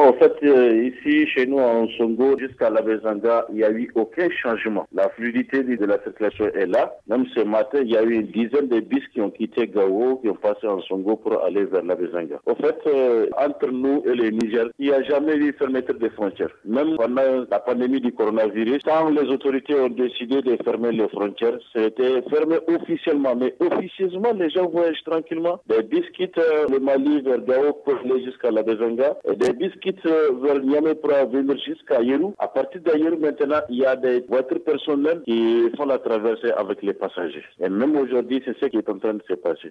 en fait, euh, ici, chez nous, en Songo, jusqu'à la Bezanga, il n'y a eu aucun changement. La fluidité de la circulation est là. Même ce matin, il y a eu une dizaine de bus qui ont quitté Gao, qui ont passé en Songo pour aller vers la Bezanga. En fait, euh, entre nous et les Niger, il n'y a jamais eu fermeture des frontières. Même pendant la pandémie du coronavirus, quand les autorités ont décidé de fermer les frontières, c'était fermé officiellement. Mais officieusement, les gens voyagent tranquillement. Des bus quittent euh, le Mali vers Gao pour aller jusqu'à la Bezanga. Et des bus quitte euh, vers Niamey pour venir jusqu'à Yerou. À partir de maintenant, il y a des voitures personnelles qui font la traversée avec les passagers. Et même aujourd'hui, c'est ce qui est en train de se passer.